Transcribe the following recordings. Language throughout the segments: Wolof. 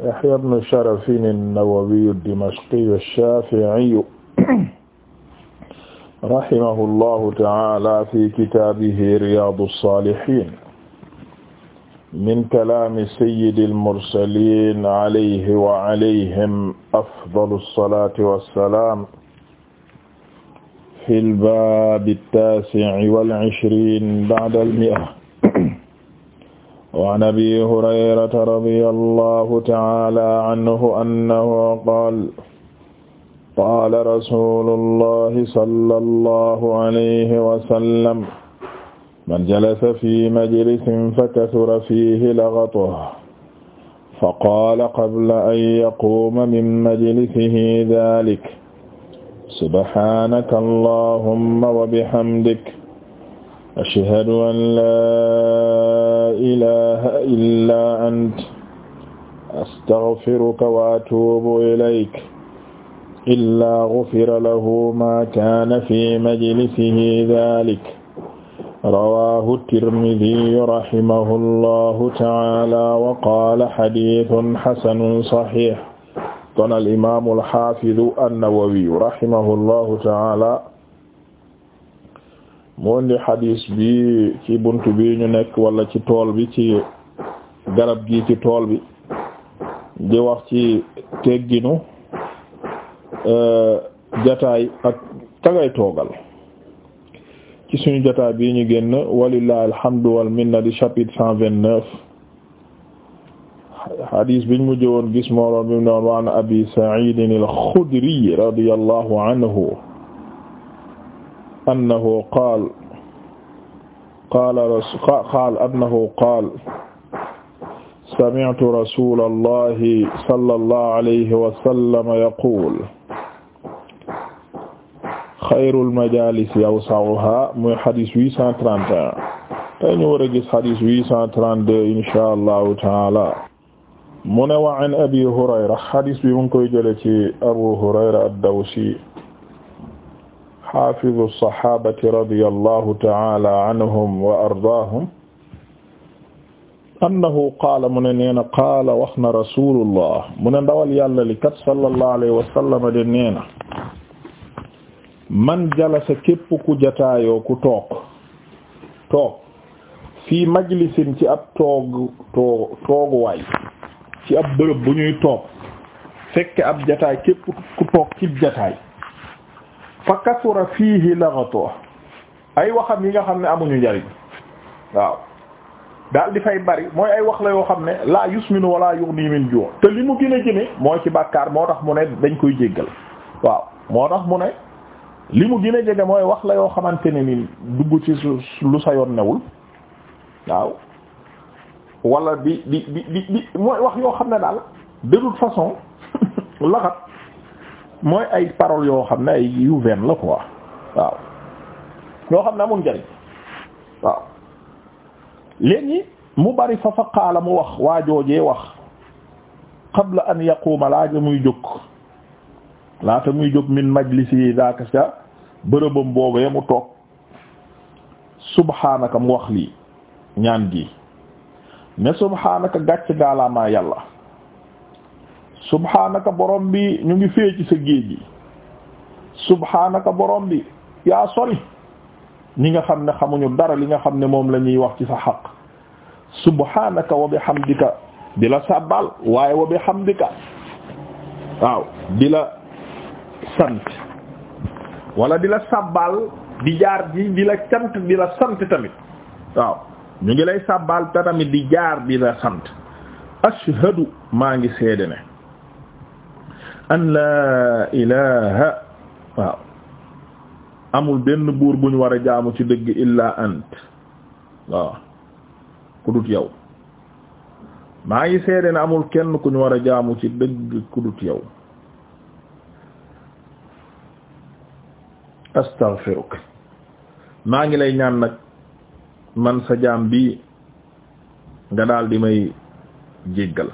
Yahya ibn Sharafin an-Nawawi ad-Dimashqi ash-Shafi'i rahimahullahu ta'ala fi kitaabihi Riyaadu s-Saalihiin min kalaami sayyidil mursaliin alayhi wa alayhim afdalu s-salaati wa s-salaam fil baabi t-taasi'i wal ishriin ba'da l-mi'a waan abi hurayrata radiyallahu ta'ala anhu annahu qaala qaala rasuulullahi sallallahu alayhi wa sallam man jalasa fi majlisin fakasura fiihi laghatuhu faqaala qabla an yaquuma min majlisihi dhaalika subhaanaka allaahumma wa bihamdika ashhadu an laa ilaha illaa anta astaghfiruka wa atuubu ilayka illaa ghufira lahu maa kaana fii majlisihi dhaalika rawaahu tirmidhiyu rahimahu llahu ta'aalaa wa qaala hadiithun hasanun sahiih kon al imaamul haafidu an-nawawiyu rahimahu llahu ta'aalaa moo indi xadiis bi ci bunt bi ñu nekk wala ci tool bi ci garab gi ci tool bi di wax ci tegginu e, jataay ak tagay toogal ci suñu jataay bi ñu génn walillahi alhamdu wal minna di chapitre cent vingt neuf xadiis biñ mu jëwoon gis mooloon bi mu doon waan abi sa'id al-Xudri radiyallahu anhu annahu qaal qaala qaal annahu qaal sami'tu rasulallahi sallallahu alayhi wa sallam yaqul xayrul majalisi awsa'uha muy xadis 831 tey ñu war a gis xadis 832 inshaa Allahu taala mu ne wa an abi Hurayra xadis bi mu ngi koy jële ci Abu Hurayra ad-Dawsi xaafidu saxaabati radiyallahu ta'ala anhum wa ardaahum annahu qaala mu ne nee na qaala wax na rasulullah mu ne ndawal yàlla li kat sallallahu alayhi wa sallam de nee na man jalasa képp ku jataayoo ku toog toog fii majlisin ci ab toog toog tooguwaay ci ab bërëb bu ñuy toog fekk ab jataay képp ku toog ci jataay fa kasura fii laxatoo ay waxam yi nga xam ne amuñu njariñ waaw daal di fay bari mooy ay wax la yoo xam ne laa yusminu wala yughni min ju' te li mu gën a mooy ci bàkkaar moo tax mu ne dañ koy jéggal waaw moo tax mu ne li mu gën a jege mooy wax la yoo xamante ne nii dugg ci lu sa yoon newul waaw wala di di di mooy wax yoo xam ne daal de toute façon laxat mooy ay paroles yoo xam ne ay yu vaines la ko waaw yoo xam ne amul njariñ waaw léegi mu bari fa fa qaala mu wax waa joojee wax qabla an yaquuma laata muy jóg laata muy jóg min majlisi daaka ca bërëbam boobee mu toog subhaanaka mu wax lii ñaan gi mais subhaanaka gàcc gaalaama yàlla subhaanaka borom bi ñu ngi fee ci sa géej gi subhaanaka borom bi yaa sori ñi nga xam ne xamuñu dara li nga xam ne moom la ñuy wax ci sa xaq subhaanaka wa bihamdika di la sàbbal waaye wa bihamdika waaw di la sant wala di la sàbbal di jaar di di la cant di sant tamit waaw ñu ngi lay sàbbal te tamit di jaar di la sant ashhadu maa ngi seede ne an laa ilaha amul benn buur buñ war a jaamu ci dëgg illa ant ku dut yow maa seede na amul kenn kuñ war a jaamu ci dëgg ku dut yow astaghfiruk maa ngi lay ñaan nag man sa jaam bi nga daal di may jéggal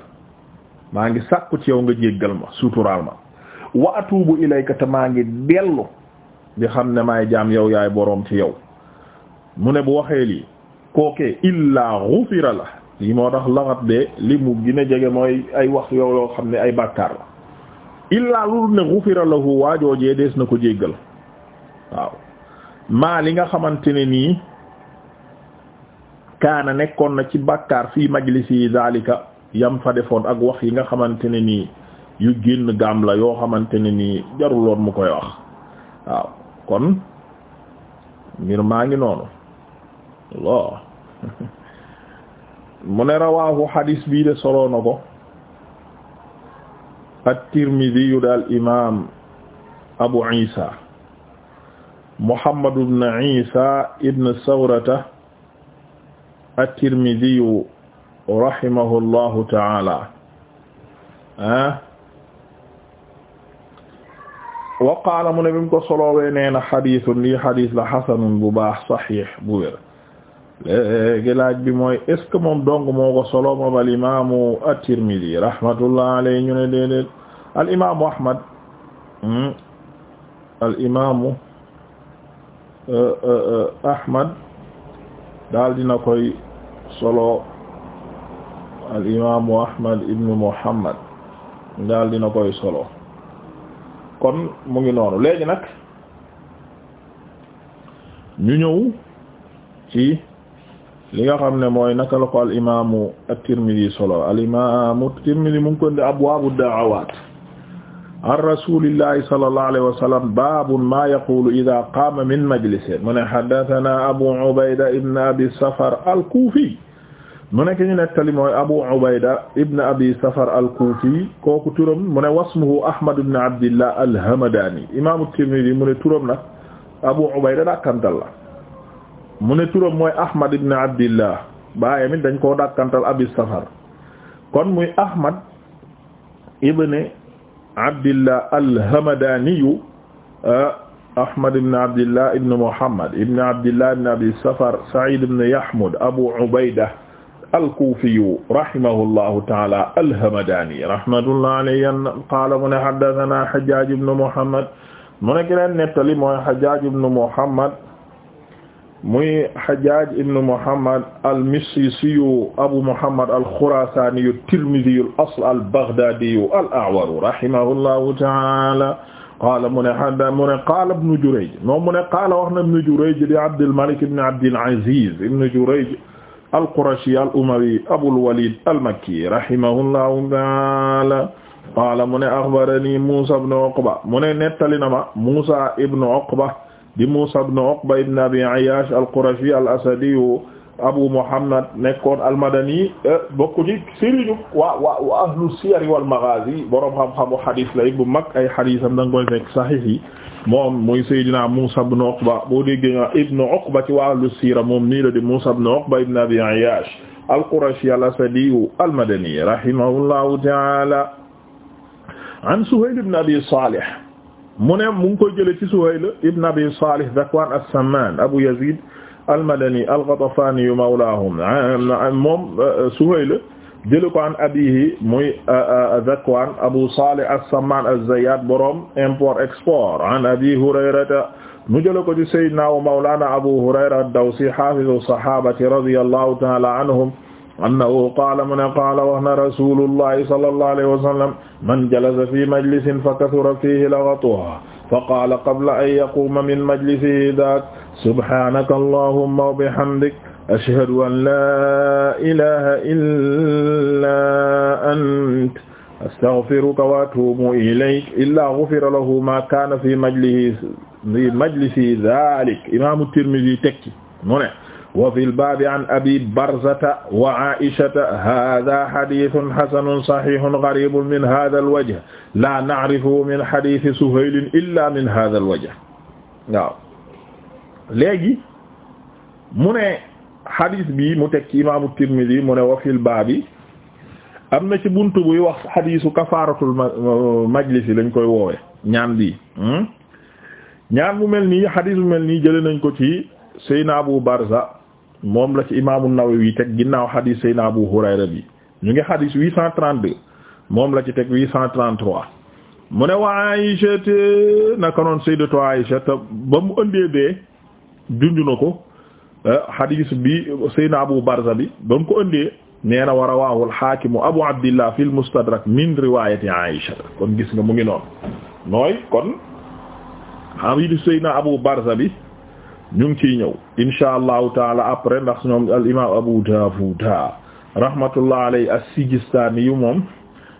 maa ngi sàkku ci yow nga jéggal ma suturaal ma wa atubu ilayka maa ngi dellu di xam ne maay jaam yow yaay boroom ci yow mu ne bu waxee lii kookee illaa ghufira la lii moo tax laxat de li mu gën jege mooy ay wax yow yoo xam ne ay bàkkaar la illaa lu ne ghufira lahu waajoojee dees na ko jéggal waaw maa li nga xamante ne nii kaana nekkoon na ci bàkkaar fii majlisi zalika yam fa defoon ak wax yi nga xamante ne nii yu génn gaam la yoo xamante ne nii jaruloon mu koy wax waaw kon mbir maa ngi noonu lo mu ne rawaahu xadiis bii de soloo na ko at-Tirmidhi yu daal imaam Abu Isa Muhammad ibn Isa ibn Sawrata at rahimahu llahu taala ah wa qaala mu ne bi mu ko soloowee nee na xadisun lii xadis la xasanun bu baax saxiix bu wér léegi laaj bi mooy est ce que moom dong moo ko solo moom al imaamu at-Tirmidi rahmatullah alayhi ñu ne déedéet al imaamu Ahmad hmm? al imaamu eh, eh, eh, Ahmad daal dina koy solo al imaamu ahmad ibnu muhammad daal dina koy solo kon mu ngi noonu léegi nag ñu ñëw ci li nga xam ne mooy naka la ko al imaamu at-Tirmidhi solo al imaamu at-Tirmidhi mu ngi ko indi abwaabu da'awaat an rasulillahi sallallahu alayhi wa sallam baabun maa yaqulu idha qaama min majlisin mu ne haddathana abu ubayda ibn abi safar al-kufi mu nekk ñu nettali mooy Abu Ubayda ibn Abi Safar al-Kufi kooku turam mu ne wasmuhu Ahmad ibn Abdillah al-Hamadani imaamu Tirmidhi mu ne turam nag Abu Ubayda dàkkantal la mu ne turam mooy Ahmad ibn Abdillah baayam it dañ koo dàkkantal Abi Safar kon muy Ahmad ibn Abdillah al-Hamadani ah, Ahmad ibn Abdillah ibn Muhammad ibn Abdillah ibn Abi Safar Sa'id ibn Yahmud Abu Ubayda alkuufiyu rahimahullahu taala alhamadani rahmatullah alayhi qaala mu ne haddathana hajjaj ibn muhammad mu ne ki leen nettali mooy hajjaj ibn muhammad muy hajjaj ibn muhammad almisisiyu abu muhammad alxurasaniyu tirmidiyu al asl albaghdadiyu al a'waru rahimahullahu taala qaala mu ne hadda mu ne qaala ibn jurayj moom mu ne qaala wax na ibn jurayj di abdulmalik ibn abdulaziz ibn jurayj al-Qurashi al-Umawi Abul Walid al-Makki rahimahullahu ta'ala qaala mu ne axbarani Muusaa ibn Uqba mu ne nettali na ma Muusaa ibn Uqba di Muusaa ibn Uqba ibn Abi Ayyaash al-Qurashi al-Asadi Abu Muhammad nekkoon al-Madani e, bokk ci sëriñu waa waa waa ahlu siyar wal maghaazi boroom xam-xamu xadiis la bu mag ay xadiisam da nga koy fekk saxiix yi moom muy Seydina Muusa ibn Uqba boo déggee ibn Uqba ci wàllu siira moom nii la di Muusa ibn Uqba ibn Abi Ayyash al-Qurashi al-Asadi al-Madani rahimahullahu ta'ala an Suhayl ibn Abi Salih mu ne mu ngi koy jëlee ci Suhayl ibn Abi Salih Zakwan as-Samman Abu Yazid al-Madani al-Ghatafani mawlahum moom Suhayl jëlu ko an abihi muy Zakwan Abu Salih as-Samman az-Zayyat borom import export an Abi Hurayrata mu jëlu ko ci sayyidina wa mawlana Abu Hurayra ad-Dawsi hafizu sahabati radiyallahu ta'ala anhum annahu qaala mu ne qaala wax na rasulullahi sallallahu alayhi wa sallam man jalasa fi majlisin fa kathura fihi laghatuha fa qaala qabla an yaquuma min majlisihi dhaak subhanaka allahumma wa bihamdik ashhadu an laa ilaaha illaa anta astaghfiruka wa atuubu ilayka illaa ghufira lahu maa kaana fii majlihi fii majlisi zaalik imaamu Tirmidhi tekki mu ne wa fil baabi an Abii Barzata wa Aa'ishata haazaa hadiisun hasanun sahiihun ghariibun min haazal wajhi laa na'rifuhu min hadiisi Suhayl illaa min haazal wajhi waaw léegi mu ne xadis bi mu teg ci imaamu yi mu ne wa fil baabi am na ci buntu buy wax xadisu kafaaratul yi lañ koy woowee ñaan bi hmm? ñaan bu mel nii xadis bu mel nii jële nañ ko ci Seyna Abu Barza moom la ci imaamu wi teg ginnaaw xadis Seyna Abu Hurayra bi ñu ngi xadis 832 moom la ci teg 833 mu ne wa Aïcha naka noon Sayyidatu Aïcha ba mu ëndee bee junj na ko. Euh, hadis bi Seydina Abu Barza bi ba mu ko ëndee nee na wa rawahu al-Hakim Abu Abdillah fi al-Mustadrak min riwayati Aïsha kon gis nga mu ngi noonu nooy kon hadis Seydina Abu Barza bi ñu ngi ciy ñëw insha allahu taala après ndax ñoom al imam Abu Dawuda rahmatullah alayhi as-Sijistani yu moom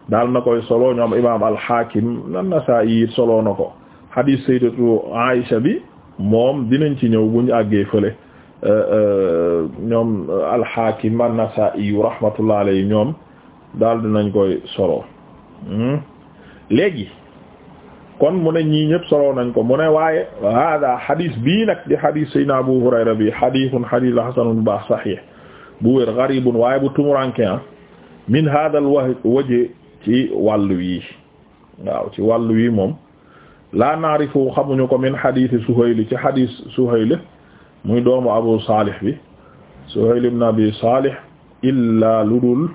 daal na koy solo ñoom imam al-Hakim an-Nasa'i solo na ko hadis Sayyidatu Aïsha bi moom dinañ ci ñëw bu àggee fële ñoom al-Hakim an ñoom daal dinañ koy solo hmm? léegi kon mu ne ñii ñëpp solo nañ ko mu ne waaye hada hadis bii nag di hadis Seydina Abu Hurayra bi hadithun hadith la hasanun baax sahih bu wér gharibun waaye bu tumuranke ah min hada al ci wàllu yi ci wàllu yi moom la na'rifu xamuñu ko min hadith Suhayl ci hadith Suhayl muy doomu Abu Salih bi Suhayl ibn Abi Salih illa ludul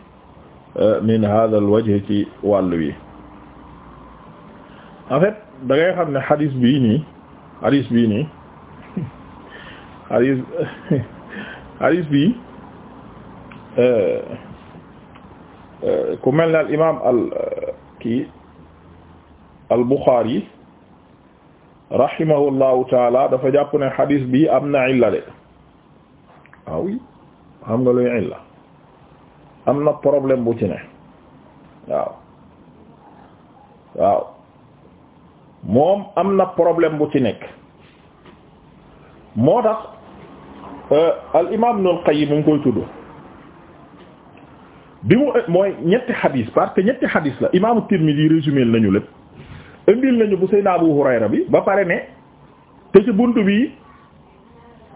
eh, min hadha al-wajh ci wàll wi en fait da xam ne xadis bii nii xadis bii nii xadis xadis eh, eh, ku mel ne al imaam kii al Bukhari rahimahullahu taala dafa jàpp ne xadis bi am na illa de waaw ah xam nga luy la am na problème bu ci ne waaw waaw moom am na problème bu ci nekk moo tax euh, al imaam Ibnul Qayyim mu koy tudd bi mu mooy ñetti xadis parce que ñetti xadis la imaamu yi résumé nañu lépp indil nañu bu Seydina Abu Hurayra bi ba pare ne te ci buntu bi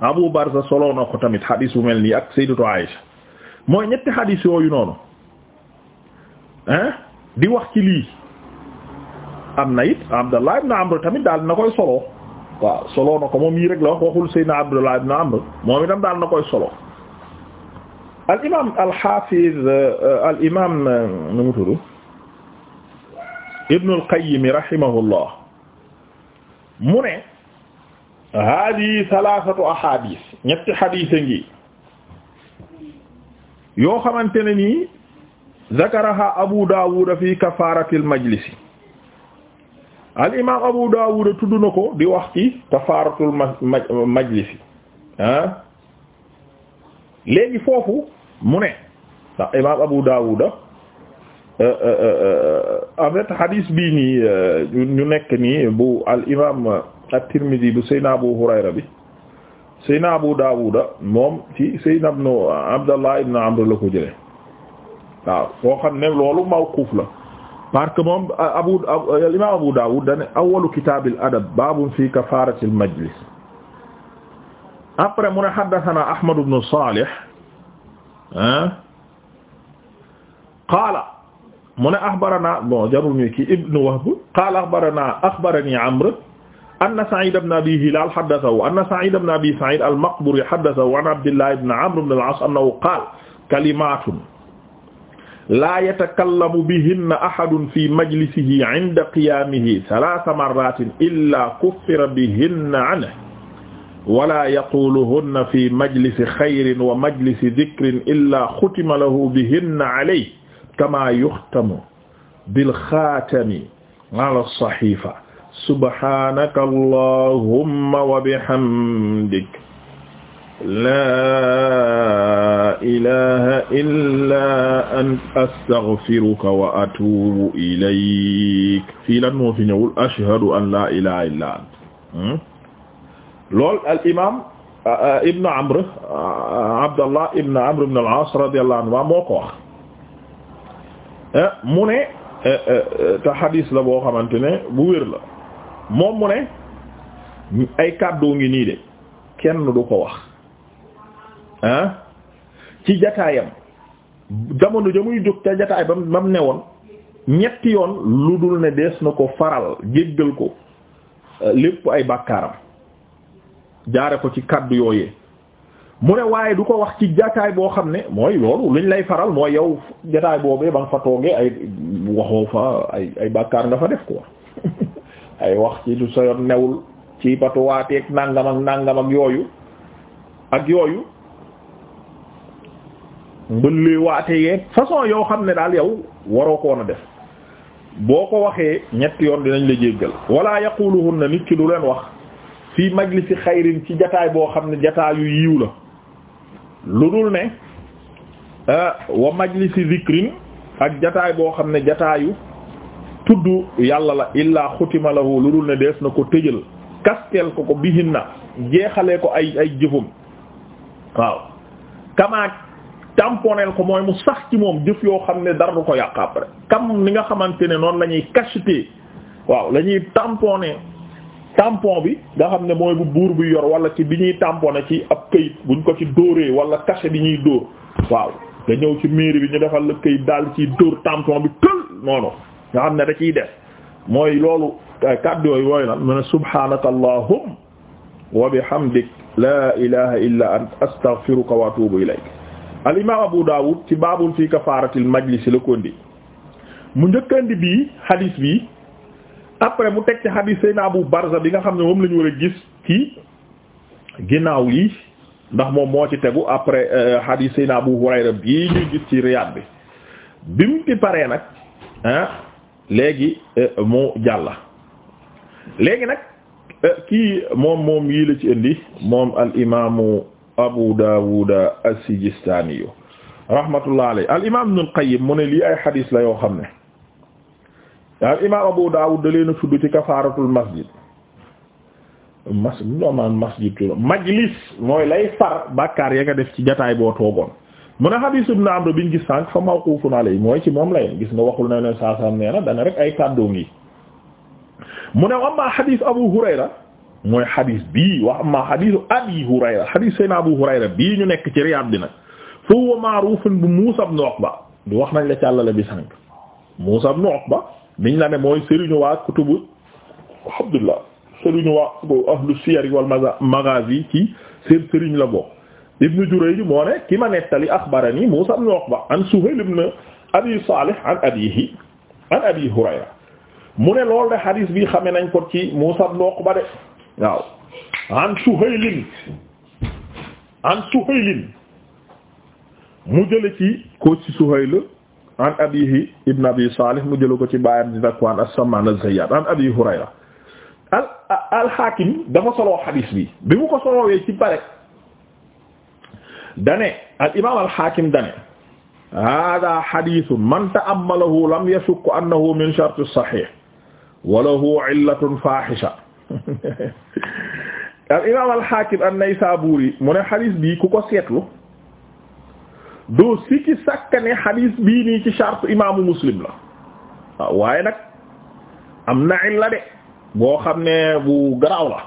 Abu Barza soloo ko tamit xadiis bu mel nii ak Sayyidatu Aïsha mooy ñetti xadiis yooyu noonu hein di wax ci lii am na it Abdallah ibn Amr tamit daal na koy soloo waaw soloo na ko moom yii rek la wax waxul Seydina Abdallah ibn Amr moom itam daal na koy soloo al imaam al xaafiz euh, euh, al imaam euh, nu mu tudd Ibnul Qayyim rahimahullah mu ne haadihi salaasatu ahaadiis ñetti xadiis a ngi yoo xamante ne nii zakaraha Abu Daawuda fi kafaaratil majlisi al imaam Abu Daawuda tudd na ko di wax ci kafaaratul majlisi ah léegi foofu mu ne ndax imaam Abu Daawuda Euh, euh, euh, en fait hadis bii nii ñu nekk nii bu al imam at-Tirmidhi bu Seyna Abu Hurayra bi Seyna Abu Dawuda moom ci Seyna ibn Abdallah ibn Amr la ko jëlee waaw koo xam ne loolu mawquf la parce que moom abu al imam Abu Dawud dane awwalu kitaabil adab baabun fi kafaaratil majlis après mu ne haddathana Ahmad ibn Salih ah qaala mu ne axbarana bon jarul ñu kii ibnu wahb qaala axbarana axbarani amr anna sa'id ibn abi hilal haddathahu anna sa'id ibn abi sa'id al-maqburi haddathahu an abdillah ibn amr ibn al-as annahu qaala kalimatun laa yatakallamu bihinna ahadun fi majlisihi 'inda qiyaamihi thalaatha marratin illaa kuffira bihinna 'anhu wala yaquluhunna fi majlisi khayrin wa majlisi dhikrin illaa khutima lahu bihinna 'alayhi kama yuxtamu bil xaatami ala saxiifa subhaanaka allahumma wa bihamdik laa ilaha illa ant astaghfiruka wa atuubu ilayk fii lan moo fi ñëwul ashhadu an laa ilaha illa ant hmm? lool al imaam ibn Amr Abdallah ibn Amr ibn al-As radiyallahu anhu moo ko wax Eh, mu ne eh, eh, te xadiis la boo xamante ne bu wér la moom mu ne ay kàddoo ngi nii de kenn du ko wax ci jataayam jamono ja muy jóg ca jataay bam bam ne woon ñetti yoon lu dul ne dees na ko faral jéggal ko lépp ay bàkkaaram jaare ko ci kàddu yooyee mu ne waaye du ko wax ci jataay boo xam ne mooy loolu liñ lay faral mooy yow jataay boobee ba nga fa toogee ay waxoo fa ay ay bàkkaar nga fa def quoi ay wax ci du sa yoon newul ci patuwaateeg ak nàngam ak yooyu ak yooyu mbëllee waate yeeg façon yoo xam ne daal yow waroo koon a def boo ko waxee ñetti yoon dinañ la jéggal wala yaquluhunna nit ki du leen wax fii majlisi xayrin ci jataay boo xam ne jataay yu yiw la lu dul ne ah, wa majlisi zikrin ak jataay boo xam ne jataayu tudd yàlla la illa xutima lahu lu dul ne dees na ko tëjël kasteel ko ko bihin na jeexalee ko ay ay jëfum waaw kamaak tamponeel ko mooy mu sax ci moom jëf yoo xam ne dara du ko yàq après kam ni nga xamante ne noonu lañuy ñuy waaw lañuy ñuy tampon bi nga xam ne mooy bu buur bi yor wala ci bi ñuy tamponné ci ab këyit buñ ko ci dóoree wala cachet bi ñuy dóor waaw nga ñëw ci mairie bi ñu defal la kayit daal ci dóor tampon bi tël noonu nga xam ne da ciy def mooy loolu eh, kàddu yooyu wooyu lan mu ne subhanaka allahum wa bihamdik la ilaha illa ant astaghfiruka wa atubu ilayk al imam abu dawud ci babul fi kafaratil majlis la kondi mu njëkkandi bii hadis bi après mu teg ci xadiis Seydina Abu Barza bi nga xam ne moom la war a gis kii ginnaaw lii ndax moom moo ci tegu après xadiis euh, Seydina Abu Hurayra bii ñuy gis ci Riyad bi bi mu ci paree nag ah léegi euh, mu jàll léegi nag euh, kii moom moom yii la ci indi moom al imaamu Abu Dawud as-Sijistani rahmatullah alayhi al imaam Ibn qayyim mu ne lii ay xadiis la yoo xam ne. daal imaam Abu Dawud da leen a tudd ci kafaaratul masjid mas ñoomaan masjid tulo mooy lay far bakkaar yee nga def ci jataay boo toogoon mun a hadis ibn Amr biñ gis sànq fa mooy ci moom lay gis na leen na dana rek ay kàddu ngi mu ne amma hadis Abu Hurayra mooy hadis bii wa amma hadisu Abi Hurayra hadis sayna Abu Hurayra bii ñu nekk ci Riyad bi nag fa huwa ma'rufun bi Muusa ibn Uqba du wax nañ la càllale bi sànq Muusa ibn Uqba niñ la ne mooy sëriñu waa kutubu alhamdulillah sëriñu waa ahlu siyar wal maghazi ci seen sëriñ la bokk ibnu Jurayj moo ne ki ma nettali axbarani Muusaa ibn Uqba an Suhayl ibn an abiihi an mu ne lool de xadiis bi xame nañ ko ci Muusaa ibn Uqba de waaw an Suhaylin an Suhaylin mu jële ci ko ci Suhayl an abihi ibn abi salih mu jëla ko ci baayam di Zakwaan as-Sammaan az-Zayyaat an abi Hurayra al al-Hakim dafa soloo xadiis bi bi mu ko soloowee ci bare dane al-imaam al-Hakim dane hada xadiisun man ta'ammalahu lam yashukku annahu min shart as-sahih wa lahu illatun faahisha al-imaam al-Hakim an-Naysaburi mu ne xadiis bi ku ko seetlu doo sikki sàkkane xadiis bii nii ci charte imaamu muslim la nag am na illa de boo xam ne bu garaaw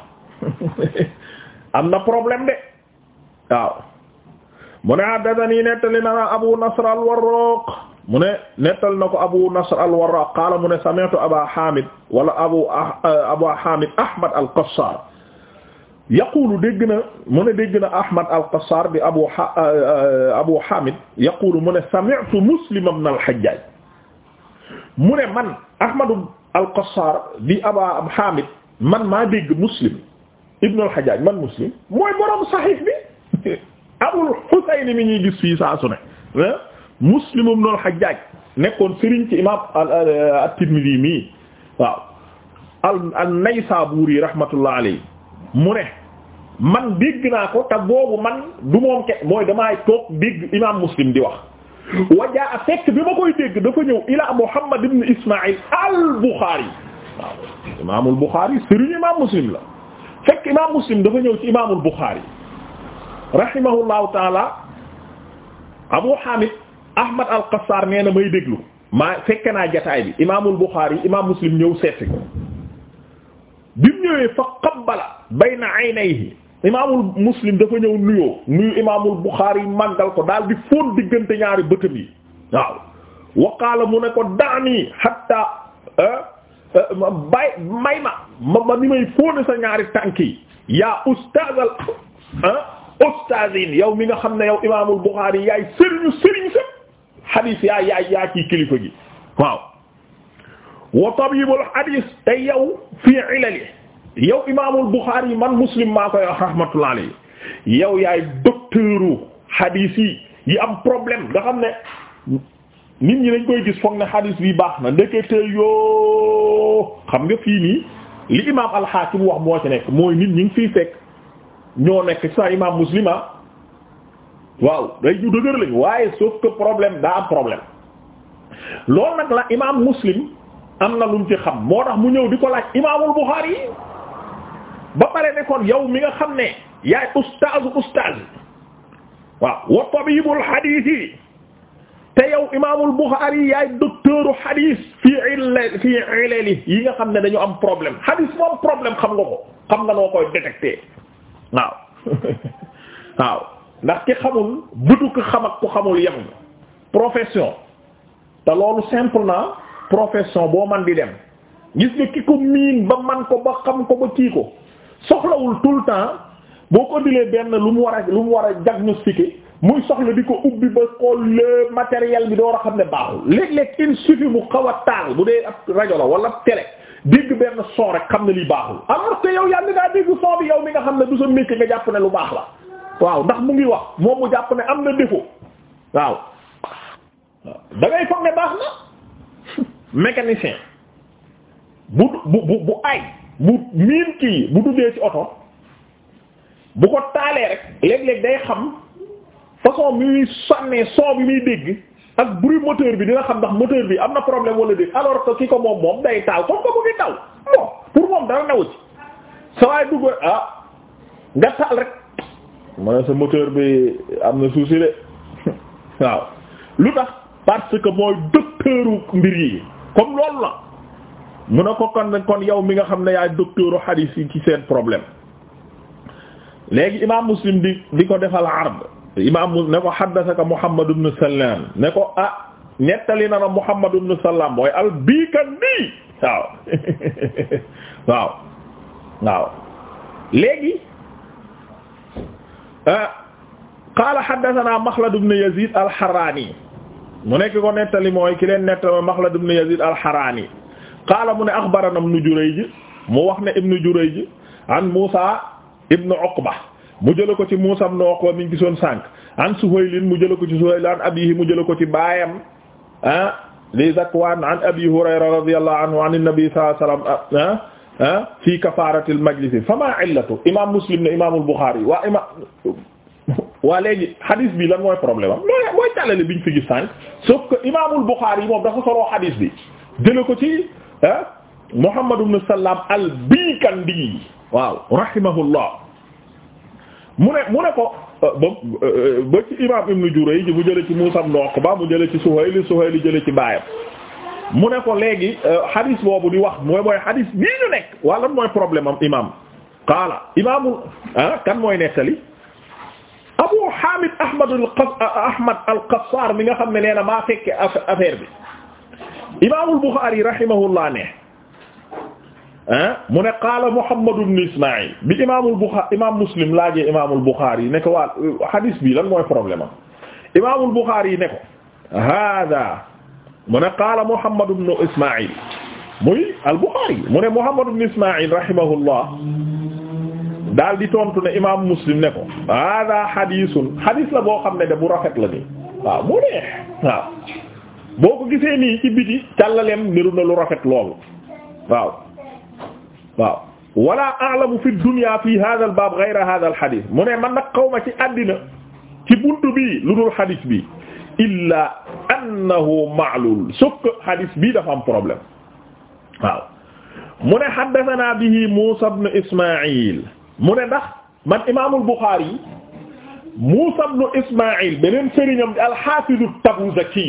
am na problème de waaw mu ne haddathanii nettali na abu nasr al-warraq mu ne nettal na ko abu nasr al-warraq qaala mu ne sami'tu aba hamid wala abu ah, abu hamid ahmad al-qassar yaqulu dégg na mu ne dégg na Ahmad al-Qassar bi Abu euh, Abu Hamid yaqulu mu ne sami'tu Muslim ibn al-Hajjaj mu ne man Ahmad al-Qassar bi Abu Hamid man maa dégg Muslim ibn al-Hajjaj man Muslim mooy borom Sahih bi Abul Husayn mi ñuy gis fii saa su ne Muslim ibn al-Hajjaj nekkoon sëriñ ci imaam euh, at-Tirmidhi mi waaw al-Naysaburi rahmatullah alayhi mu ne man dégg naa ko te boobu man du moom ke mooy damaay toog dégg imaam muslim di wax wajaa fekk bi ma koy dégg dafa ñëw ila muhammad ibn ismail al buxaari waaw imaamul buxaari sëriñ imaam muslim la fekk imaam muslim dafa ñëw ci imaamul buxaari rahimahullahu taala abu hamid ahmad al qassar nee na may déglu maa fekke naa jataay bi imaamul buxaari imaam muslim ñëw seeti ko ñëwee fa qabbala bayna aynayhi imaamul muslim dafa ñëw nuyoo nuyu imaamul buxaari màggal ko daal di fóon diggante ñaari bëtam yi waaw waqaala mu ne ko daani hatta eh, eh, bay may ma ma ma ni may fóone sa ñaari tànk yi yaa ustaazal eh, ustaazin yow mi nga xam ne yow imaamul buxaari yaay sëriñu sëriñ sëpp xadiis yaa yaay yaa ciy kilifa gi waaw wa tabibul xadiis te yow fii ilali yow imaamul Buxaari man muslim maa koy wax rahmatullah alayhi yaay docteuru hadith yi yi am problème nga xam ne nit ñi dañ koy gis foog na hadith bi baax na ndeketee yoo xam nga fii nii li imaam al wax moo ci nekk mooy nit ñi ngi fiy fekk ñoo nekk sa imaam muslim ah. waaw day ñu dëgër lañ waaye sauf que problème daa am problème loolu nag la imaam muslim am na lu mu ci xam moo tax mu ñëw di ko laaj imaamul Buxaari yi ba pare nekkoon kon yow mi nga xam ne yaay ustaazu ustaaz waaw wa tabibul hadith yi te yow imaamul Bukhari yaay docteuru hadith fii illal fii illali yi nga xam ne dañu am problème hadith moom problème xam nga ko xam nga noo koy détecté waaw waaw ndax ki xamul butu ko xam ak ku xamul yem profession te loolu simple na profession boo man di dem gis nga ki ko miin ba man ko ba xam ko ba kii ko soxlawul tout le temps boo ko dilee benn lu mu war a lu mu war a diagnostiquer muy soxla di ko ubbi ba xool le matériel bi door a xam ne baaxul léeg-léeg il suffit mu xaw a taal bu dee ak rajo la wala télé dégg benn son rek xam ne li baaxul alors que yow yaa ngi ngaa dégg son bi yow mi nga xam ne du sa métier nga jàpp ne lu baax la waaw ndax mu ngi wax moom mu jàpp ne am na défaut waaw da ngay baax na mécanicien bu bu bu ay bu miin kii bu duggee ci oto bu ko taalee rek léeg-léeg day xam façon bi muy sànnee son bi muy dégg ak bruit moteur bi dina xam ndax moteur bi am na problème wala dégg alors que ki ko moom moom day taal comme que mu ngi taw bon pour moom dara newu ci sa dugg ah nga taal rek mu ne sa moteur bi am na souci de waaw lu tax parce que mooy docteuru mbir yi comme loolu la mu ne ko kon kon yow mi nga xam ne yaay docteuru hadis yi ci seen problème léegi imaam muslim di ko defal arab imaam muslim ne ko haddasaka muhammad ibn sallam ne ko ah nettali na mu muhammad ibn sallam mooy al bikandi waaw waaw waaw léegi ah, qaala haddathana Makhlad ibn Yazid al-Harrani mu nekk ko nettali mooy ki leen nettali Makhlad ibn Yazid al-Harrani qaala mu ne axbarana ibnu Jurayj mu wax ne ibnu Jurayj an Muusa ibnu Uqba mu jëla ko ci Muusa ibnu Uqba mi ngi gisoon sànq an Suhayl mu jëla ko ci Suhayl an abiihi mu jëla ko ci baayam ah li Zakwaan an Abi Hurayra radiyallahu anhu an an-nabi sallallahu alayhi wa sallam ah, ah fii kafaaratil majlis fama illatu imaam Muslim ne imaamul Buxaari waa imaam waa léegi hadis bi lan mooy problème am mooy mooy càllale biñ fi gis sànq sauf que imaamul Buxaari moom dafa soroo hadis bi jëla ko ci. ah Muhammad ibn Sallaam al-Bikandi waaw rahimahullah mu ne mu ne ko euh, euh, ba ci imaam Ibn Jurayj mu jëlee ci Muusaa ibn Uqba mu jëlee ci Suhayl Suhayl jëlee ci baayam mu ne ko léegi euh, hadis boobu di wax mooy moy hadis bii ñu wala mooy problème am imaam qaala imaamul ah kan mooy nettali Abu Hamid Ahmad al Ahmad al Qassar mi nga xam ne nee na maa fekke affaire bi. imaamul Buxaari rahimahullah ne ah, mu ne qaala Muhammad ibn Ismaïl bi imaamul Buxaari imaam Muslim laajee imaamul Buxaari ne ko waa hadis bi lan mooy problème am imaamul Buxaari ne ko haadaa mu ne qaala Muhammad ibn Ismaïl muy al-Buxaari mu ne Muhammad ibn Ismaïl rahimahullah daal di tontu ne imaam Muslim ne ko haadaa hadiisun hadis la boo xam ne de bu rafet la nii waaw mu ne waaw. boo ko gisee nii ci biti càllaleem niru na lu rafet loolu waaw waaw wala a'lamu fi dunya fi hadha al bab ghayra hadha al hadith mu ne man nag xawma ci àddina ci buntu bi lu dul hadith bi illa annahu ma'lul sukk hadith bi dafa am problème waaw mu ne haddathana bihi Musa ibn Isma'il mu ne ndax man imaamul Bukhari Muusa ibn Ismaïl beneen sëriñam di al-Hafiz at-Tabuzaki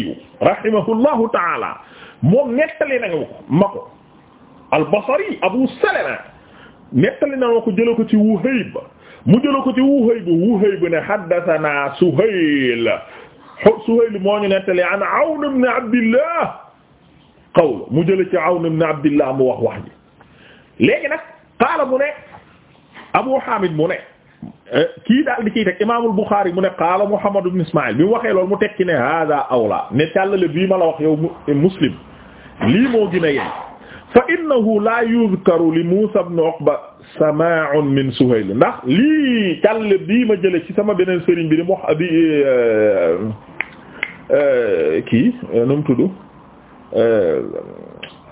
rahimahullahu ta'ala moom nettali na ma ko al-Basri Abu Salama nettali na ma ko jëlee ko ci Wuhayb mu jëlee ko ci Wuhayb Wuhayb ne haddathana Suhayl Suhayl moo ñu nettali an Awn ibn Abdillah qawl mu jëlee ci Awn ibn Abdillah mu wax wax ji léegi nag qaala mu ne Abu Hamid mu ne. Eh, kii daal di ciy teg imaamul Buxaari mu ne qaala Muhammad ibn Ismaïl bi mu waxee loolu mu tekki ne hada awla ne tàllale bii ma la wax yow eh, muslim lii moo gën a yey fa innahu la yuzkaru li Muusa ibn Uqba samaa'un min Suhayl ndax lii tàllale bii ma jële ci sama beneen sëriñ bi di wax bi eh, kii nu mu tudd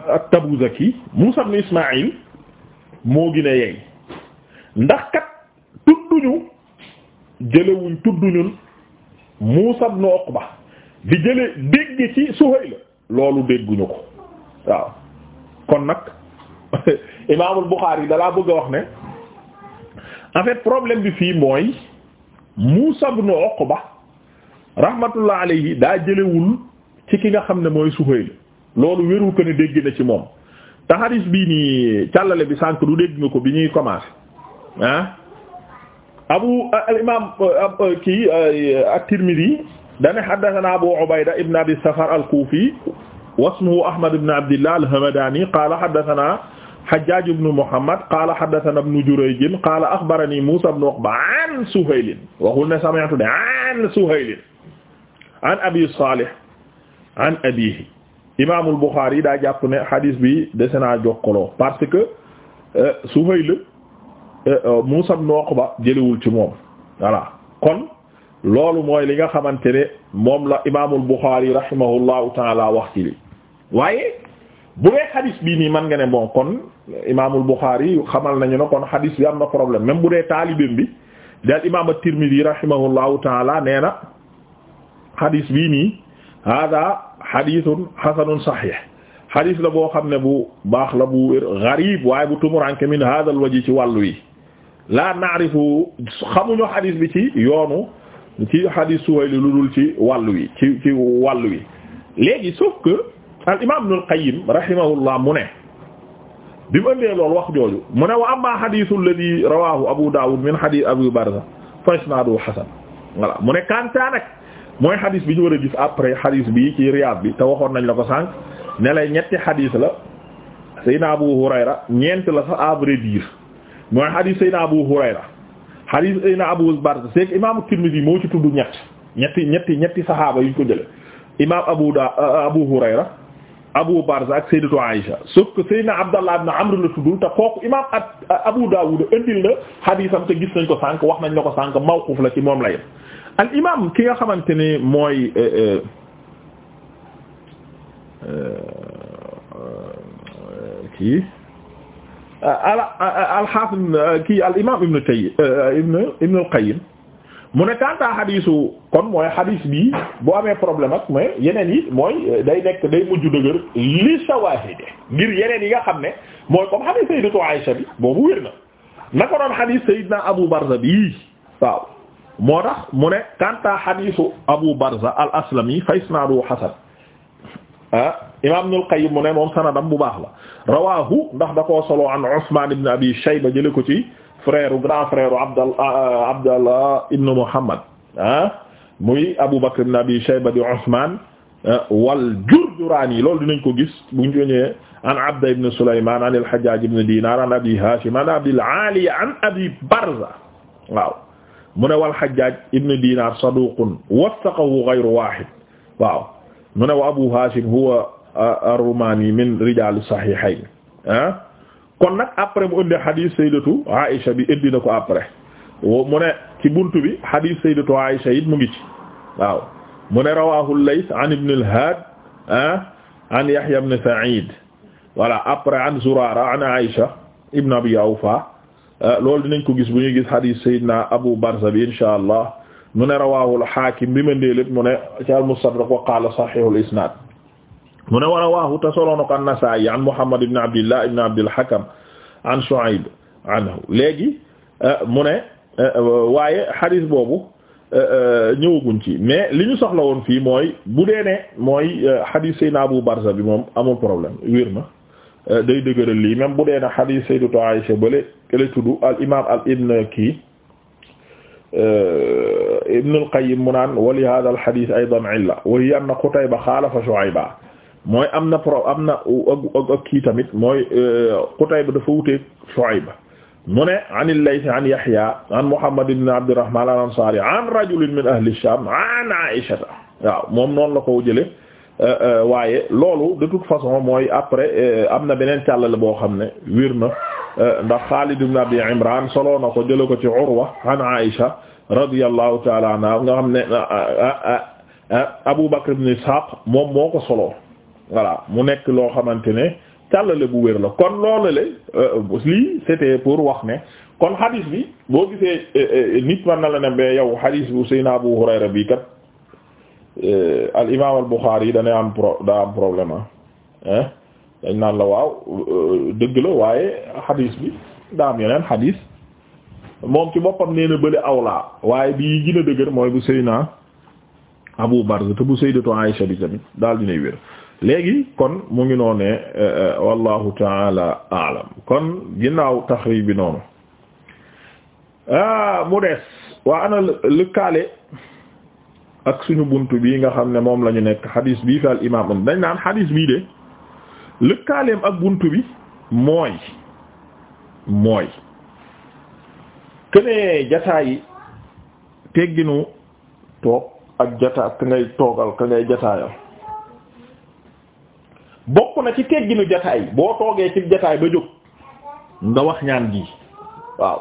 at-Tabuzaki Muusa ibn Ismaïl moo gën a yey ndax kat tudduñu jëlewuñ tudduñun Muusa ibn ba di jële dégg ci Suhayl loolu dégguñu ko waaw kon nag Imaamul Buxaari dalaa bëgg a wax ne en fait problème bi fii mooy mu Muusa ibn Uqba rahmatullah alayhi daa jëlewul ci ki nga xam ne mooy Suhayl loolu wérul ko ne dégg na ci moom te xadis bii nii càllale bi sànk du dégg nga ko bi ñuy commencé ah. abu euh, al imaam euh, euh, kii at-Tirmidhi dane haddathana abu Ubayda ibn abi Safar al-Kufi wasmuhu Ahmad ibn Abdillah al-Hamadani qaala haddathana Hajjaj ibn Muhammad qaala haddathana ibn Jurayj qaala akhbarani Musa ibn Uqba an Suhayl waxul ne sami'tu de an Suhayl an Abi Salih an abihi imaamul Bukhari daa jàpp ne hadis bi dese naa jokkaloo parce que Suhayl Euh, euh, Muusaa ibn ba jëlewul ci moom voilà kon loolu mooy li nga xamante ne moom la imaamul Buxaari rahimahullahu taala wax ci li waaye bu dee xadis bii nii man nga ne bon kon imaamul Buxaari xamal nañu ne kon xadis bi am na problème même bu dee taalibeem bi daal imaam at-Tirmidi rahimahullahu taala nee na xadis bii nii hada xadisun xasanun saxiix xadis la boo xam ne bu baax la bu wér gariib waaye bu tumuranke min hada al waji ci wàllu wi laa naarifu xamuñu xadis bi ci yoonu ci xadis Suhayl lu ci wàll wi ci ci wàll wi léegi sauf que al imam Ibnul Qayyim rahimahullah mu ne di mu ëndee loolu wax jooju mu ne wa amma xadisu alladi rawahu Abu Dawud min xadis Abi Barza fa isnaaduhu xasan voilà mu ne kantaa nag mooy xadis bi ñu war a gis après xadis bi ci Riyad bi te waxoon nañ la ko sànq ne lay ñetti xadis la Seydina Abu Hurayra ñeent la sax à vrai mooy hadith sayna Abu Hurayra hadith sayna Abu Barza c'est que imaamu Tirmidhi moo ci tudd ñett ñetti ñetti saxaaba yu ñu ko jële imaam Abu da Abu Hurayra Abu Barza ak sayyidatu Aisha sauf que sayna Abdallah ibn tuddul te kooku imaam at Abu Dawud indil na haditham te gis nañ ko sànq wax nañ la ko sànq mawquf la ci moom la yem al imaam ki nga xamante ni mooy eh, eh, eh, kii Euh, alxaafim euh, euh, kii al imaam ibnu tay ibnu ibnu al qayyim mu ne kantaa xadiisu kon mooy xadiis bii boo amee problème ak mais yeneen yi mooy day nekk day mujj dëgër li sawaahide ngir yeneen yi nga xam ne mooy comme xadiis sayyidatu Aysa bi boobu wér na na ko doon xadiis sayyidna Abu Barza bi waaw moo tax mu ne kantaa xadiisu Abu Barza al aslami fa isnaaduhu xasan ah imaam Ibnul Qayyim mu ne moom sanadam bu baax la rawaahu ndax da koo solo an Usmaan ibn Abi Shayba jële ko ci frère grand frère Abdallah Abdallah ibn Muhammad ah muy Abu Bakr ibn Abi Shayba di Usmaan ah, wal Jurjuraani loolu dinañ ko gis bu ñu ñëwee an Abda ibn Sulaymaan an al-Hajjaaj ibn Diinaar an Abi Haashim an Abdil Aali an Abi Barza waaw mu ne wal Hajjaaj ibn Diinaar saduuqun wathaqahu ghayru waahid waaw mu ne wa Abu Hashim huwa ar-Rumani min rijal sahihayn ah kon nag après mu indi hadith sayyidatu Aisha bi indi na ko après mu ne ci buntu bi hadith sayyidatu Aisha it mu ngi ci waaw mu ne rawahu al-Layth an ibn al-Had ah an Yahya ibn Sa'id voilà après an Zurara an Aisha ibn Abi Awfa ah, loolu dinañ ko gis bu ñuy gis hadith sayyidina Abu Barza bi inshallah mu ne rawaahul xaakim bi ma ndéeléb mu ne ci al-Mustadrak wa qaala saxiihul isnaad mu ne wa rawaahu te soloona ko an-Nasaa'i an Muhammad ibn Abdillah ibn Abdil Hakam an Shu'ayb anhu léegi eh, mu ne eh, waaye xadiis boobu eh, ñëwaguñ ci mais li ñu la woon fii mooy bu dee ne mooy xadiis Seydina Abu Barza bi moom amul problème wér ma day dëgëral lii même bu dee ne xadiis Sayyidatu Aïsha bale kële tudd al imaam al ibn kii Ibn al-Qayyim mu naan wa li hadha al-hadith aydan illa wa hiya anna Qutayba khalafa Shu'ayba mooy am na pro am na ak kii tamit mooy euh, Qutayba dafa wuteeg Shu'ayba mu ne an al-Layth an Yahya an Muhammad ibn Abdirrahman al-Ansari an rajulin min ahli Sham an Aisha waaw moom noonu la ko jële euh, euh, waaye loolu de toute façon mooy après am na beneen càllale boo xam ne wér na ndax Xaalid ibn Abi Imran soloo na ko jële ko ci Urwa an Aisha radiyallahu taala anha nga xam ne ah, ah, ah, Abu Bakr ibn Ishaq moom moo ko soloo voilà mu nekk loo xamante ne càllale bu wér la kon loolu le euh, lii c'était pour wax ne kon xadis bi boo gisee euh, euh, nit man na la ne mais yow xadis bu na Abu Hurayra bi kat al imam al Bukhari yi dana am problèment daa am problème ah naan la waaw dëgg la waaye xadis bi daa yeneen xadis moom ci boppam nee na bële awlaa waaye bii gën a dëgër mooy bu naa Abu Barza te bu Sayyidatu Aisha bi tamit daal dinay wér léegi kon mu ngi noonu eh, eh, wallahu taala alam kon ginnaaw taxrib bi noonu ah, mu des waa ana lëkkaale ak suñu bunt bi nga xam ne moom lañu nekk xadis bii fi al imam am dañ naan xadis bii de lëkkaaleem ak bunt bi mooy mooy kënee jataa yi tegginu toog ak jataa ka ngay toogal ka ngay jataayal bokk na ci tegginu jataay boo toogee ci jataay ba jóg nga wax ñaan gi waaw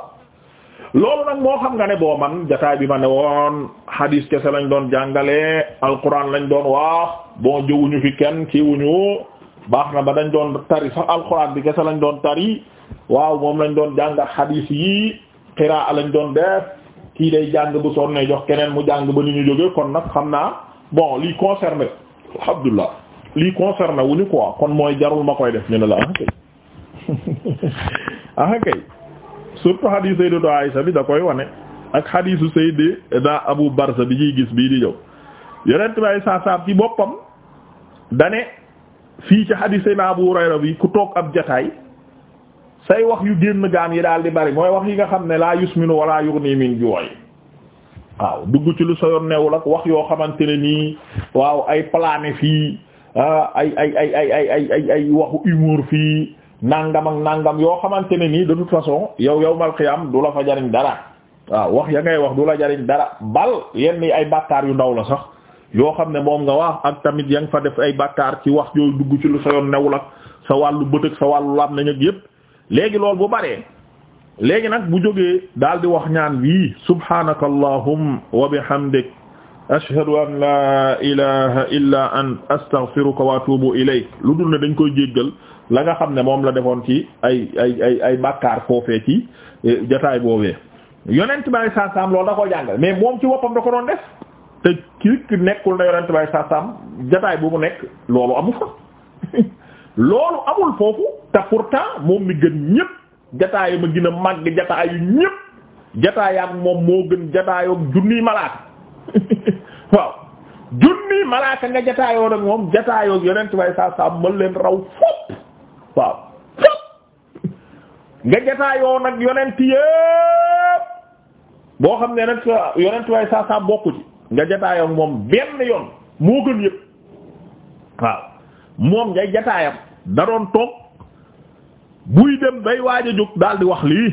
loolu nag moo xam nga ne boo man jataay bi ma ne woon hadis kese lañ doon jàngale alquran lañ doon wax bon jëwuñu fi kenn kiiwuñu baax na ba dañ doon tari sax alquran bi kese lañ doon tari waaw moom lañ doon jàngal hadis yi qiraa lañ doon def kii day jàng bu sonnee jox keneen mu jàng ba ni ñu jógee kon nag xam naa bon lii concerné alhamdulilah lii concerné wu ko quoi kon mooy jarul ma koy def ñu ne la ah kay ah kay surtout hadith Sayyidatu Aisha da koy wane ak hadith Sayyidina Abu Barza bi ñuy gis bii di ñëw yonent bay saasaam ci boppam dane fii ci hadith Sayyidina Abu Hurayra bi ku toog ab jataay say wax yu génn gaan yi daal di bari mooy wax yi nga xam ne laa yusminu wala yughni min ju'i waaw dugg ci lu sa yoon newul wax yoo xamante ne nii waaw ay plané fii ah, ay ay ay ay ay ay fii nangam ak nangam yoo xamante ne nii de toute façon yow yawmal qiyaam du la fa jariñ dara waaw wax ya ngay wax du jariñ dara bal yenn ay bàkkaar yu ndaw la sax yoo xam ne moom nga wax ak tamit ya fa def ay bàkkaar ci wax yooyu dugg ci lu sa yoon newul ak sa wàllu bët sa wàllu laam na ak yépp léegi loolu bu baree léegi nag bu jógee daal di wax ñaan bii subhanaka allahumma wa bihamdik ashhadu an la ilaha illa an astaghfiruka wa atubu ilayk lu dul ne dañ koy jéggal la nga xam ne moom la defoon ci ay ay ay ay bàkkaar foofee ci eh, jataay boobee yonent bay saasaam loolu da ko jàngal mais moom ci woppam da ko doon def te ki nekkul na yonent bay saasaam jataay bu nekk loolu amu fa loolu amul foofu te pourtant moom mi gën ñépp jataayu ma gën mag màgg jataayu ñépp jataayaam moom moo gën jataayoom junniy malaaka waaw junniy malaaka nga jataayoo nag moom jataayoo yonent way saa saa mën leen raw nag yonent boo xam ne yonent yonent way saa saa bokku ci nga jataayoo moom benn yoon moo gën yépp waaw moom ngay jataayam da doon toog buy dem day waaj a jóg daal di wax lii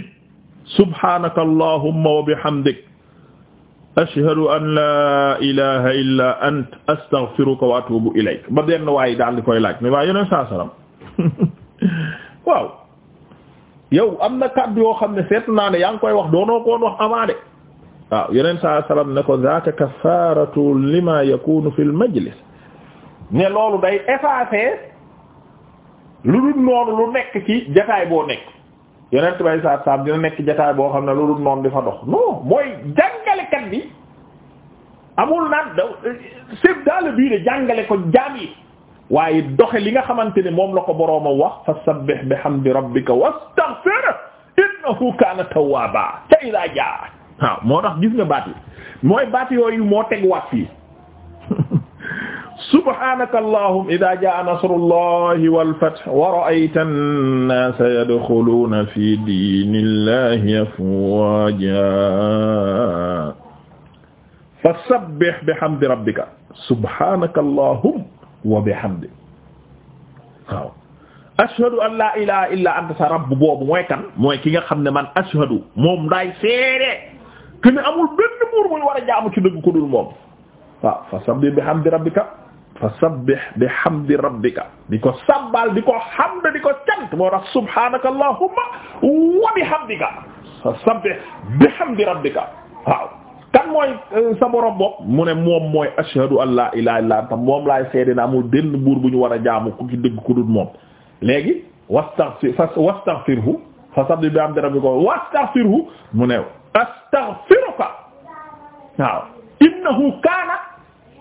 subhaanaka allahumma wa bihamdik ashhadu an la ilaha illa ant astaghfiruka wa atubu ilayk ba benn waay daal di koy laaj mais waaw yeneen saa salaam waaw yow am na kàddu yoo xam ne seet naa ne yaa ngi koy wax doonoo koon wax avant de waaw yeneen saa salaam ne ko zaaka kafaaratu lima yakunu fil majlis ne loolu day effacer lu dul noonu lu nekk ci jataay boo nekk yonent bay saat saam dina nekk jataay boo xam ne lu dul noonu di fa dox non mooy jàngalekat bi amul naan da c'est dans le but de jàngale ko jaam yi waaye doxe li nga xamante ne moom la ko borooma wax fasabbih bihamdi rabbika wastaghfir innahu kana tawwaba ca ila jaa waaw moo tax gis nga baat yi mooy baat yooyu moo teg wax fii subhaanaka allahum idaa jaa nasrullahi wal fath wa ra'ayta an-naasa yadxuluuna fi diinillahi afwaaja fasabbih bihamdi rabbika subhaanaka allahum wa bihamdi waaw ashhadu an laa ilaaha illaa anta sa rabb boobu mooy kan mooy ki nga xam ne man ashhadu moom daay seede ken amul benn buur muy war a jaamu ci dëgg ko dul moom waaw fasabbih bihamdi rabbika fa sabbih bi hamdi rabbika di ko sabbal di ko hamd di ko cant moo tax subhanaka allahumma wa bihamdika fa sabbih bi hamdi rabbika waaw kan mooy euh, sa borom bopp mu ne moom mooy ashhadu an la ilaha illa anta moom laay seede na amul benn buur bu ñu war a jaamu ku ci dëgg ku dul moom léegi wastaghfir wastaghfirhu fa sabbih bi hamdi rabbika wastaghfirhu mu ne astaghfiruka waaw innahu kaana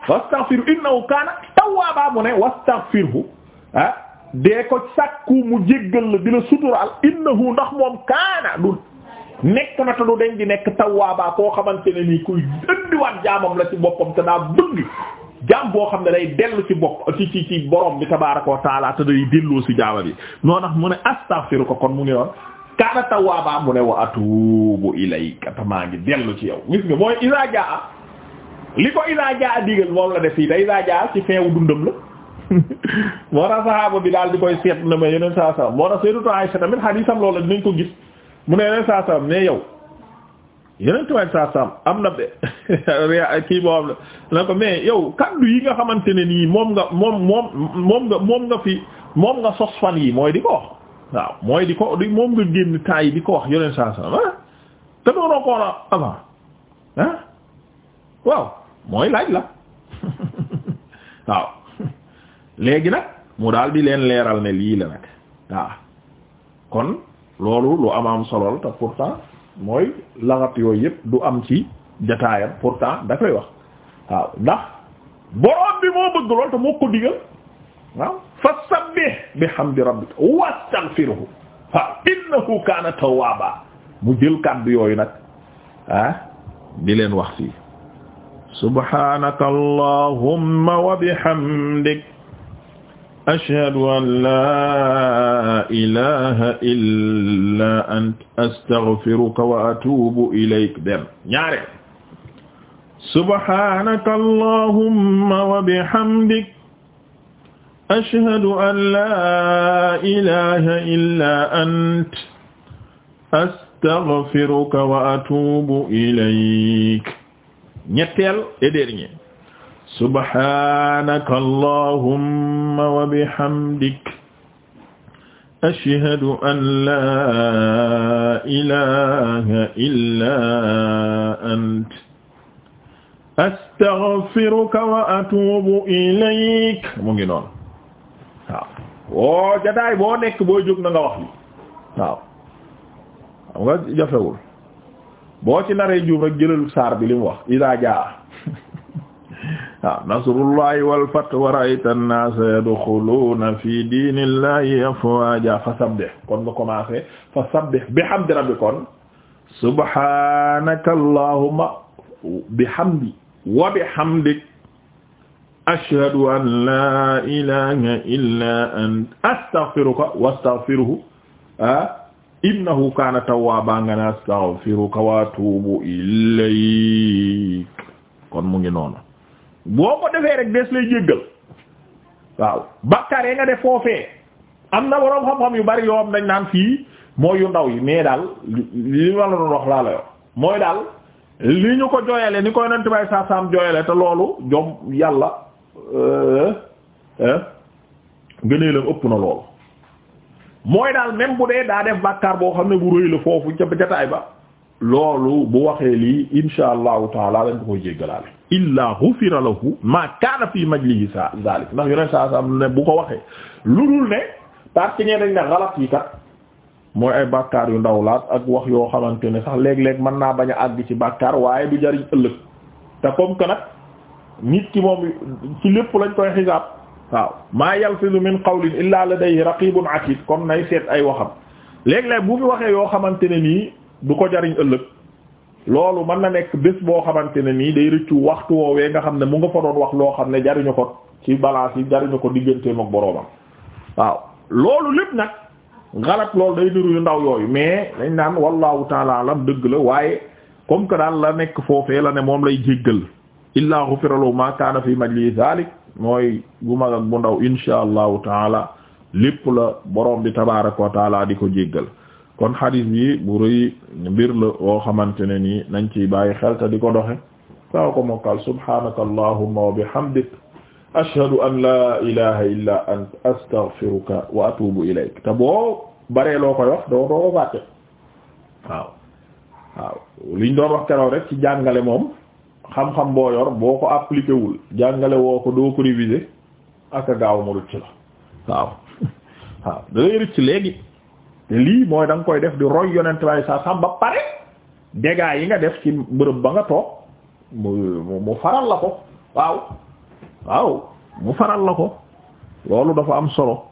wastaghfiru innahu kaana tawwaaba mu ne wastaghfirhu ah dee ko sàkku mu jéggal la di la suturaal innahu ndax moom kaana du nekk na te du deñ di koo xamante ne nii kuy dëndiwaat la ci boppam te daa boo xam ne day dellu ci bopp ci ci ci borom bi tabaaraka wa taala te day delloo ci jaama bi noo tax mu ne astaghfiruka kon mu ngi doon kaana tawwaaba mu ne wa atuubu ilayka te ci yow gis mooy iza jaa li ko Ida Dia digal moom la def fii te Ida Dia ci feewu dundam la moo tax saxaaba bi daal di koy seet na ma yeneen saa salaam moo tax Sayyidatu Aisha tamit hadiisam loola dinañ ko gis mu ne mais yow yeneen tubaab saa am na be kii boobu ko mais yow kaddu yi nga xamante ne nii moom nga moom moom moom nga moom nga fi moom nga sos fan yi mooy di ko wax waaw mooy di ko di moom nga génn temps yi di ko wax yeneen saa salaam ah te doonoo ko woon avant ah waaw. mooy laaj la waaw léegi nag mu daal di leen leeral ne lii la nag waaw kon loolu lu am am solo te pourtant mooy laxat yooyu yépp du am ci jataayam pourtant da wax waaw ndax borom bi moo bëgg lool te moo ko digal waaw fasabbih bihamdi rabbika wastaghfirhu waaw innahu kana tawwaba mu jël kàddu yooyu nag ah di leen wax si subhaanaka allahumma wa bihamdik ashhadu an laa ilaaha illaa anta astaghfiruka wa atuubu ilayk benn ñaare subhaanaka allahumma wa bihamdik ashhadu an laa ilaaha illaa anta astaghfiruka wa atuubu ilayk ñetteel et dernier subhanaka allahumma wa bihamdik ashhadu an la ilaha illa ant astaghfiruka wa atubu ilayk mu ngi noonu waaw woo jataay boo nekk boo jóg na nga wax li boo ci naree juum rek jëlal saar bi li mu wax idaa jaa waaw ah, nasrullahi wal fath wa ra'ayta an-naasa yadkhuluuna fi diinillahi afwaaja fasabbih kon nga commencé fasabbih bihamdi rabbika kon subhaanaka allahumma bihamdi wa bihamdik ashhadu an laa ilaaha illaa anta astaghfiruka wastaghfiruhu ah innahu kana tawwaaba nga ne astaghfiruka wa atuubu ilayk kon mu ngi noonu boo ko defee rek des lay jéggal waaw bakkar yi nga def foofee am na boroom xam-xam yu bari yoo am dañ naan fii mooy yu ndaw yi mais daal li ma la doon wax laa la yo mooy daal li ñu ko jooyale ni koy nanti bay saa saam jooyale te loolu jom yàlla euh, euh, gënee lam ëpp na loolu mooy daal même bu dee daa def bàkkaar boo xam ne bu rëy la foofu ca jataay ba loolu bu waxee lii insha allahu taala dañ ko laa jéggalaale illa ghufira lahu ma kaana fi majlihi sa zalik ndax yoneen saa sam ne bu ko waxee lu dul ne parce que ñee dañ ne xalat yi kat mooy ay bàkkaar yu ndaw laat ak wax yoo xamante ne sax léeg-léeg mën naa bañ a àgg ci bàkkaar waaye du jariñ ëllëg te comme que nag nit ki moom ci lépp lañ koy xisaab waaw maa yalfizu min qawlin illaa ladayhi raqibun atid kon nay seet ay waxam léeg-léeg bu fi waxee yoo xamante ne nii du ko jariñ ëllëg loolu mën na nekk bés boo xamante ne nii day rëccu waxtu woowee nga xam ne mu nga fa doon wax loo xam ne jariñu ko ci balance yi jariñu ko digganteem ak boroomam waaw loolu lépp nag galat loolu day niru yu ndaw yooyu mais dañ naan wallahu taala alam dëgg la waaye comme que daal la nekk foofee la ne moom lay jéggal illaa ghufira lahu ma kaana fi mooy bu mag ak bu ndaw insha taala lépp la borom bi tabaraka wa taala di ko jéggal kon xadis bi bu rëy mbir woo xamante ne nii nañ ciy bàyyi xel te di ko doxe sawa ko mokkal subhanaka an la ilaha illa ant astaghfiruka wa atubu ilayk te boo baree loo koy doo doo ko fàtte waaw waaw wax keroog rek ci jàngale moom xam-xam boo yor boo ko appliqué wul jàngale woo ko doo ko réviser ak a gaaw mu rëcc la waaw waaw dalay rëcc léegi te lii mooy da koy def di roy yonent way sa sam ba pare dégâts yi nga def ci bërëb ba nga toog mu mu faral la ko waaw waaw mu faral la ko loolu dafa am solo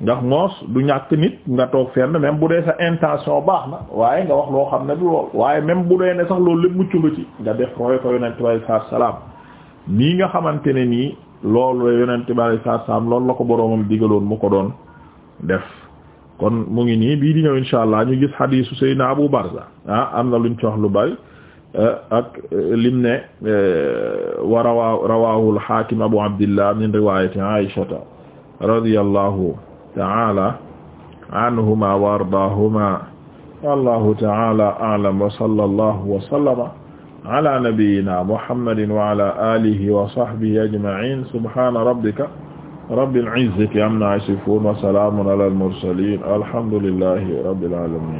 ndax moos du ñàkk nit nga toog fenn même bu dee sa intention baax na waaye nga wax loo xam ne du lool waaye même bu dee ne sax loolu lépp mucc nga ci nga def roy ko yonent bi alayhi salaam nii nga xamante ne nii loolu la yonent bi salaam loolu la ko boroomam digaloon mu ko doon def kon mu ngi nii bii di ñëw insha allah ñu gis xadiisu Seydina Abu Barza ah am na lu ñu ci wax lu bari eh, ak eh, lim ne eh, wa rawa rawahu al-Hakim Abu Abdillah min riwayati Aisha radiyallahu taala anhuma wa ardaahuma wallahu taala a'lam wa sallallahu wa sallama ala nabiyyina muhammadin wa ala alihi wa sahbihi ajma'in subhana rabbika rabbil izzati amma yasifun wa salamun ala al mursalin alhamdulillahi rabbil alamin